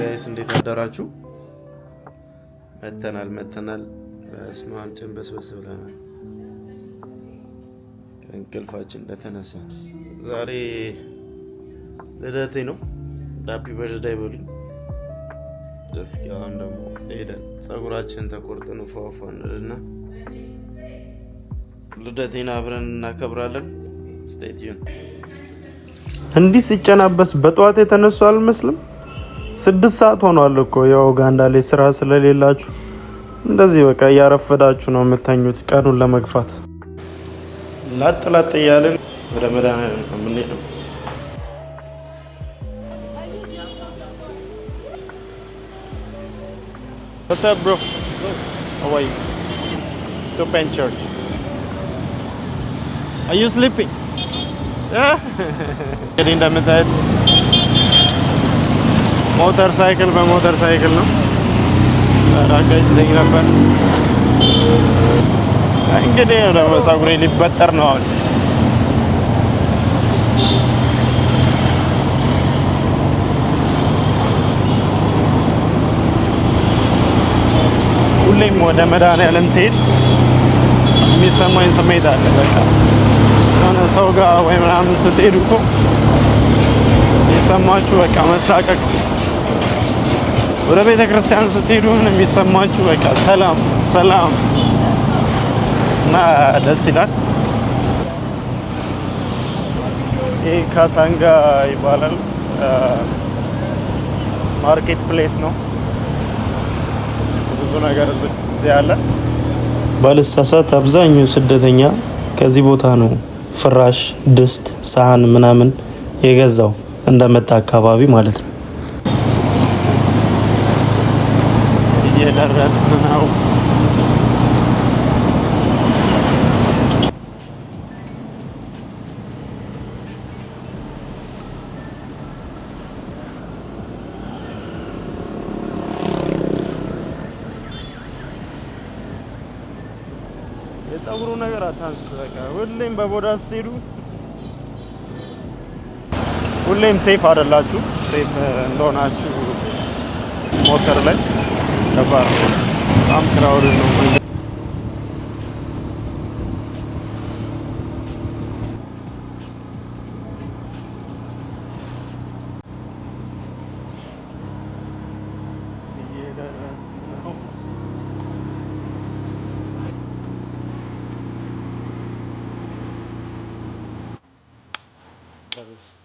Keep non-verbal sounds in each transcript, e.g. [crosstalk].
ጋይስ እንዴት አደራችሁ? መተናል መተናል። በስመ አብ ጭንበስበስ ብለናል ከእንቅልፋችን እንደተነሳ። ዛሬ ልደቴ ነው። ዳፒ በርዝዳይ በሉኝ። እስኪ አሁን ደግሞ ሄደን ፀጉራችን ተቆርጠን ፏፏን እና ልደቴን አብረን እናከብራለን። ስቴትዩን እንዲህ ሲጨናበስ በጠዋት የተነሱ አልመስልም ስድስት ሰዓት ሆኗል እኮ የኡጋንዳ ላይ ስራ ስለሌላችሁ እንደዚህ በቃ እያረፈዳችሁ ነው የምተኙት፣ ቀኑን ለመግፋት ላጥ ላጥ እያልን ወደ መድኃኒዓለም ነው የምንሄደው። እንግዲህ እንደምታየት [laughs] ሞተር ሳይክል በሞተር ሳይክል ነው ተራጋጭተኝ ነበር። እንግዲህ ነው ደግሞ ፀጉሬ ሊበጠር ነው አሁን። ሁሌም ወደ መድኃኒዓለም ስሄድ የሚሰማኝ ስሜት አለ። በቃ የሆነ ሰው ጋር ወይ ምናምን ስትሄዱ እኮ የሰማችሁ በቃ መሳቀቅ ወደ ቤተ ክርስቲያን ስትሄዱ ምን የሚሰማችሁ በቃ ሰላም ሰላም እና ደስ ይላል። ይህ ካሳንጋ ይባላል። ማርኬት ፕሌስ ነው። ብዙ ነገር እዚህ አለ። ባልሳሳት አብዛኛው ስደተኛ ከዚህ ቦታ ነው ፍራሽ፣ ድስት፣ ሳህን ምናምን የገዛው እንደመጣ አካባቢ ማለት ነው። እየደረስን ነው። የፀጉሩ ነገር አታንሱት። በቃ ሁሌም በቦዳ ስትሄዱ ሁሌም ሴፍ አይደላችሁ። ሴፍ እንደሆናችሁ ሞተር ላይ Da war am Kraulen noch. Paris.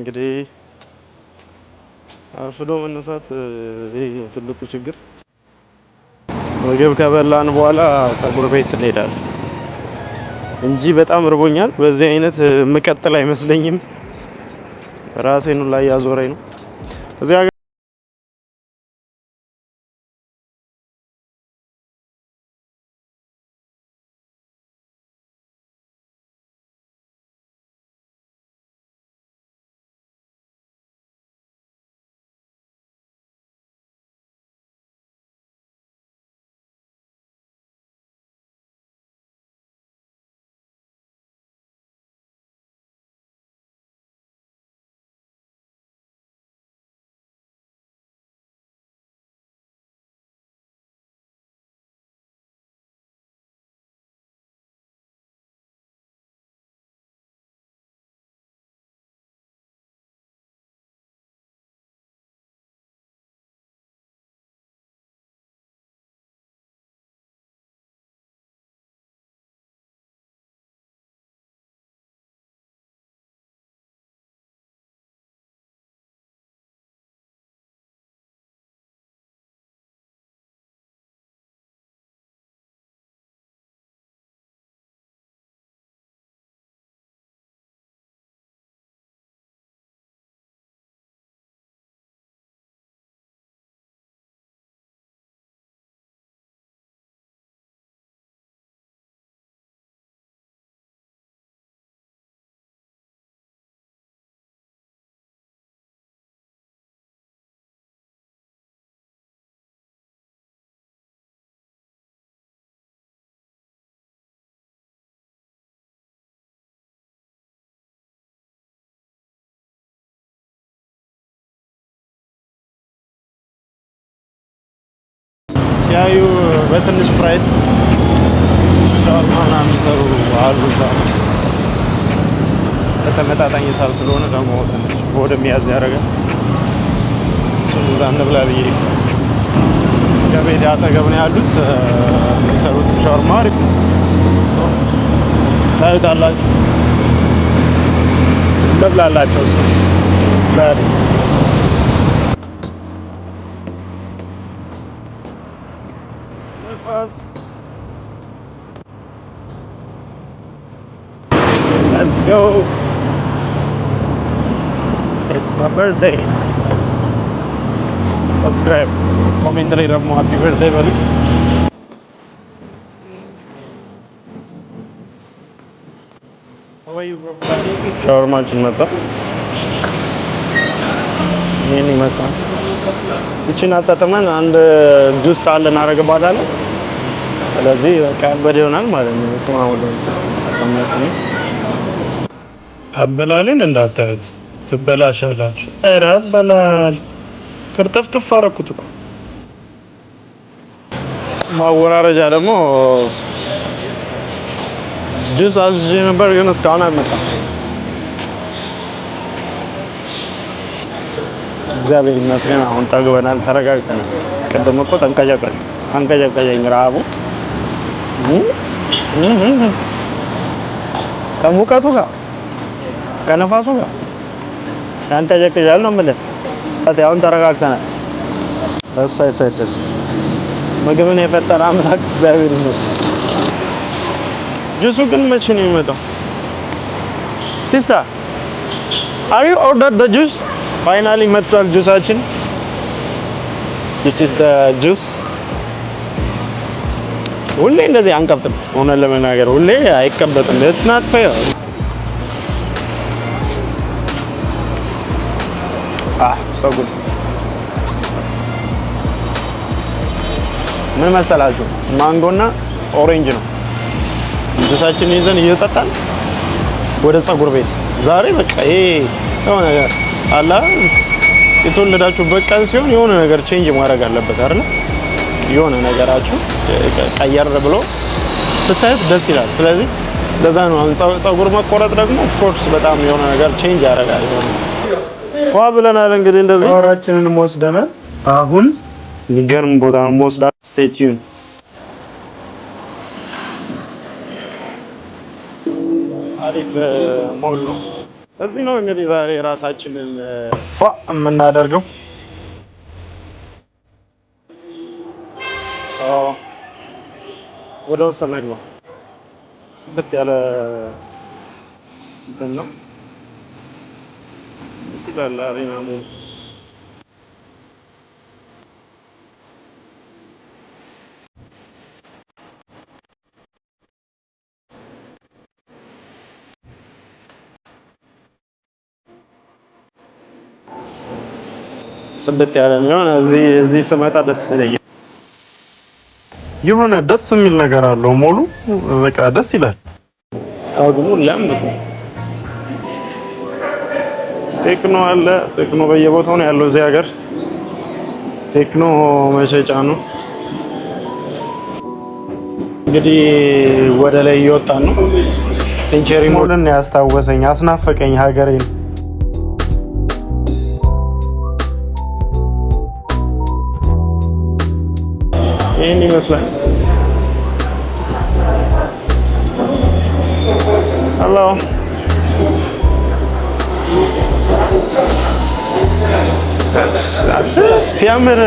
እንግዲህ አርፍዶ መነሳት ይሄ ትልቁ ችግር። ምግብ ከበላን በኋላ ፀጉር ቤት እንሄዳለን እንጂ በጣም እርቦኛል። በዚህ አይነት የምቀጥል አይመስለኝም። ራሴን ላይ ያዞረኝ ነው እዚህ የተለያዩ በትንሽ ፕራይስ ሻወርማ የሚሰሩ አሉ። እዛ በተመጣጣኝ ሂሳብ ስለሆነ ደግሞ ትንሽ ወደሚያዝ ያደርጋል። እሱን እዛ እንብላ ብዬ ከቤት አጠገብ ነው ያሉት የሚሰሩት ሻወርማ ታዩታላችሁ። እንብላላቸው ዛሬ go. It's my birthday. Subscribe. Comment ላይ ደግሞ happy birthday በሉ። ሻወርማችን መጣ። ይህን ይመስላል። ይችን አጣጥመን አንድ ጁስ ጣል እናደርግባታለን። ስለዚህ በቃ ያበደ ይሆናል ማለት ነው። ስማ ወደ አበላሌን እንዳታዩት ትበላሻላችሁ። ኧረ አበላል ቅርጥፍጥፍ አደረኩት እኮ ማወራረጃ ደግሞ ጁስ አዝዤ ነበር፣ ግን እስካሁን አልመጣም። እግዚአብሔር ይመስገን አሁን ጠግበናል፣ ተረጋግተናል። ቅድም እኮ ተንቀጨቀጭ አንቀጨቀጨኝ ረሃቡ ከሙቀቱ ጋር ከነፋሱ ጋር ያንጠለቅዣል ነው የምልህ። አሁን ተረጋግተናል። እሰይ እሰይ እሰይ ምግብን የፈጠረ አምላክ እግዚአብሔር ይመስገን። ጁሱ ግን መቼ ነው የሚመጣው? ሲስተር አር ዩ ኦርደር ደ ጁስ ፋይናሊ መጥቷል ጁሳችን። ዲስ ኢዝ ደ ጁስ። ሁሌ እንደዚህ አንቀብጥም፣ ሆነ ለመናገር ሁሌ አይቀበጥም። ኢትስ ናት ፌር ሶ ah, ጉድ ምን መሰላችሁ? ማንጎና ኦሬንጅ ነው። ልጆቻችንን ይዘን እየጠጣን ወደ ፀጉር ቤት ዛሬ በቃ ይሄ የሆነ ነገር የተወለዳችሁበት ቀን ሲሆን የሆነ ነገር ቼንጅ ማድረግ አለበት አይደል? የሆነ ነገራችሁ ቀየር ብሎ ስታዩት ደስ ይላል። ስለዚህ ለዛ ነው አሁን ጸጉር መቆረጥ ደግሞ ኦፍኮርስ በጣም የሆነ ነገር ቼንጅ ያደርጋል። ዋ ብለናል። እንግዲህ እንደዚህ ወራችንን ወስደናል። አሁን የሚገርም ቦታ ነው ስቴቲዩን አሪፍ ሞሉ እዚህ ነው እንግዲህ ዛሬ ራሳችንን ፏ የምናደርገው። ወደ ውስጥ ነው ያለ እንትን ነው ይስላል ኢማሙ ጽድት ያለ የሚሆን እዚህ ስመጣ ደስ ይለኛል። የሆነ ደስ የሚል ነገር አለው። ሙሉ በቃ ደስ ይላል። አግሙ ለም ቴክኖ አለ። ቴክኖ በየቦታው ነው ያለው እዚህ ሀገር። ቴክኖ መሸጫ ነው። እንግዲህ ወደ ላይ እየወጣን ነው። ሴንቸሪ ሞልን ያስታወሰኝ፣ አስናፈቀኝ ሀገሬን። ይህን ይመስላል። ሄሎ ሲያምር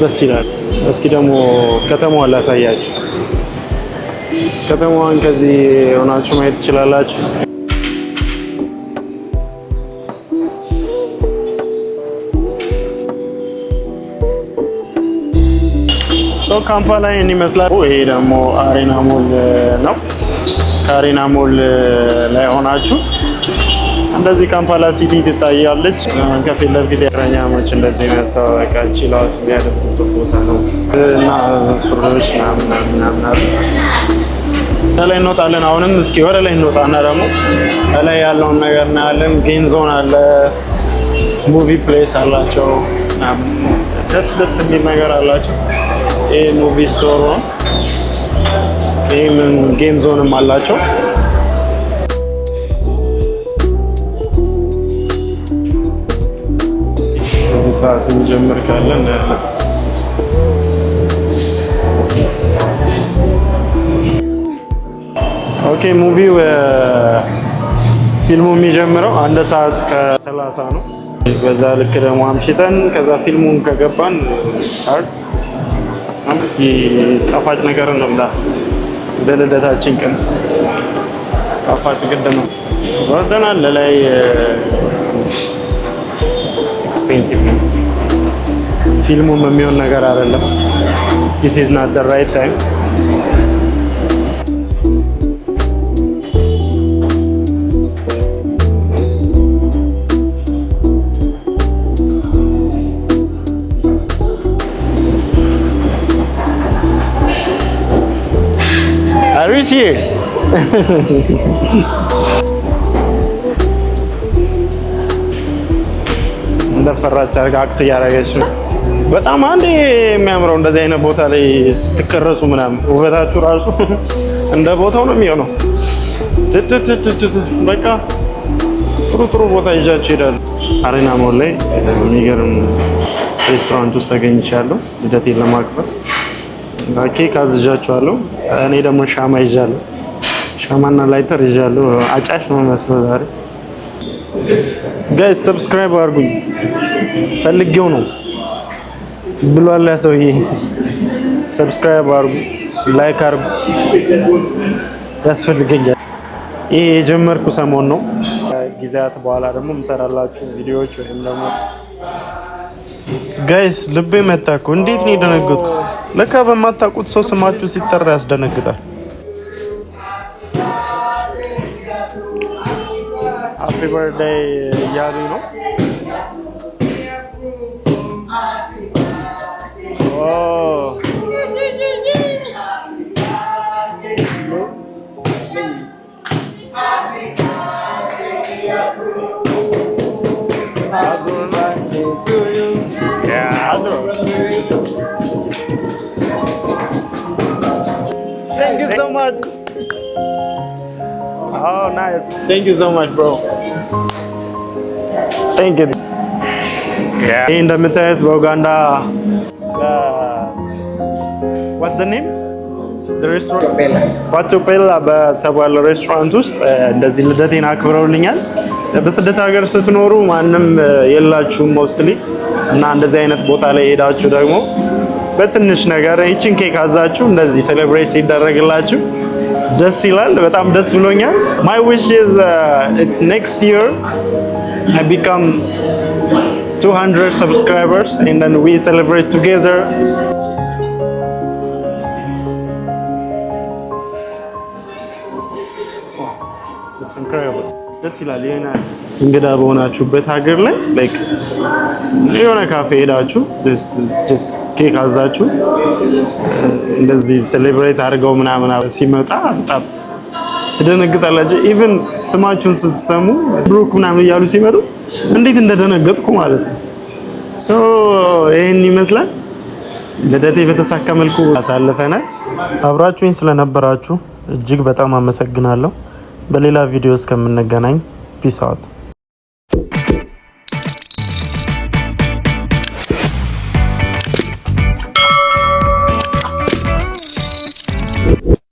ደስ ይላል። እስኪ ደግሞ ከተማዋን ላሳያችሁ። ከተማዋን ከዚህ ሆናችሁ ማየት ትችላላችሁ። ሰው ካምፓላ ይህን ይመስላል። ይሄ ደግሞ አሬና ሞል ነው። ከአሬና ሞል ላይ ሆናችሁ እንደዚህ ካምፓላ ሲቲ ትታያለች። ከፊት ለፊት የእግረኛሞች እንደዚህ መተው በቃ ችለዋት የሚያደርጉት ቦታ ነው እና ሱሪዎች ምናምን ላይ እንወጣለን። አሁንም እስኪ ወደ ላይ እንወጣና ደግሞ ከላይ ያለውን ነገር እናያለን። ጌን ዞን አለ፣ ሙቪ ፕሌስ አላቸው፣ ደስ ደስ የሚል ነገር አላቸው። ይሄ ሙቪ ስቶር ነው። ይህም ጌም ዞንም አላቸው። እዚህ ሰዓት እንጀምር ካለ እናያለን። ኦኬ ሙቪው ፊልሙ የሚጀምረው አንድ ሰዓት ከሰላሳ ነው። በዛ ልክ ደግሞ አምሽተን ከዛ ፊልሙን ከገባን እስኪ ጣፋጭ ነገር እንብላ። በልደታችን ቀን ጣፋጭ ግድ ነው። ወርደናል ለላይ ኤክስፔንሲቭ ነው። ፊልሙም የሚሆን ነገር አይደለም። ዲስ ኢዝ ናት ዘ ራይት ታይም cheers. እንደፈራች አርጋ አክት እያደረገች ነው። በጣም አንዴ የሚያምረው እንደዚህ አይነት ቦታ ላይ ስትቀረጹ ምናምን ውበታችሁ ራሱ እንደ ቦታው ነው የሚሆነው። በቃ ጥሩ ጥሩ ቦታ ይዣችሁ ይሄዳሉ። አሬና ሞል ላይ የሚገርም ሬስቶራንት ውስጥ ተገኝቻለሁ ልደቴን ለማክበር ኬክ አዝዣችኋለሁ። እኔ ደግሞ ሻማ ይዣለሁ። ሻማና ላይተር ይዣለሁ። አጫሽ ነው መስሎ ዛሬ። ጋይስ ሰብስክራይብ አድርጉኝ፣ ፈልጌው ነው ብሏል ሰውዬ። ሰብስክራይብ አድርጉ፣ ላይክ አድርጉ፣ ያስፈልገኛል። ይሄ የጀመርኩ ሰሞን ነው። ጊዜያት በኋላ ደግሞ የምሰራላችሁ ቪዲዮዎች ወይም ደግሞ ጋይስ ልቤ መታኩ። እንዴት ነው የደነገጥኩት? ለካ በማታውቁት ሰው ስማችሁ ሲጠራ ያስደነግጣል። ሃፒ በርዳይ እያሉኝ ነው። much. Oh, nice. Thank you so much, bro. Thank you. ይህ እንደምታዩት በኡጋንዳ ዋት ኔም ዋቾፔላ በተባለው ሬስቶራንት ውስጥ uh, እንደዚህ ልደቴን አክብረውልኛል። uh, በስደት ሀገር ስትኖሩ ማንም uh, የላችሁም ሞስትሊ እና እንደዚህ አይነት ቦታ ላይ ሄዳችሁ ደግሞ በትንሽ ነገር ይችን ኬክ አዛችሁ እንደዚህ ሴሌብሬት ሲደረግላችሁ ደስ ይላል። በጣም ደስ ብሎኛል። ማይ ዊሽ ኢዝ ኢትስ ኔክስት ይር አይ ቢካም 200 ሰብስክራይበርስ ኤንድ ዊ ሴሌብሬት ቱጌዘር ደስ ይላል። የሆነ እንግዳ በሆናችሁበት ሀገር ላይ የሆነ ካፌ ሄዳችሁ ኬክ አዛችሁ እንደዚህ ሴሌብሬት አድርገው ምናምን ሲመጣ በጣም ትደነግጣላችሁ። ኢቭን ስማችሁን ስትሰሙ ብሩክ ምናምን እያሉ ሲመጡ እንዴት እንደደነገጥኩ ማለት ነው። ሶ ይህን ይመስላል ልደቴ በተሳካ መልኩ አሳልፈናል። አብራችሁኝ ስለነበራችሁ እጅግ በጣም አመሰግናለሁ። በሌላ ቪዲዮ እስከምንገናኝ ፒስ አውት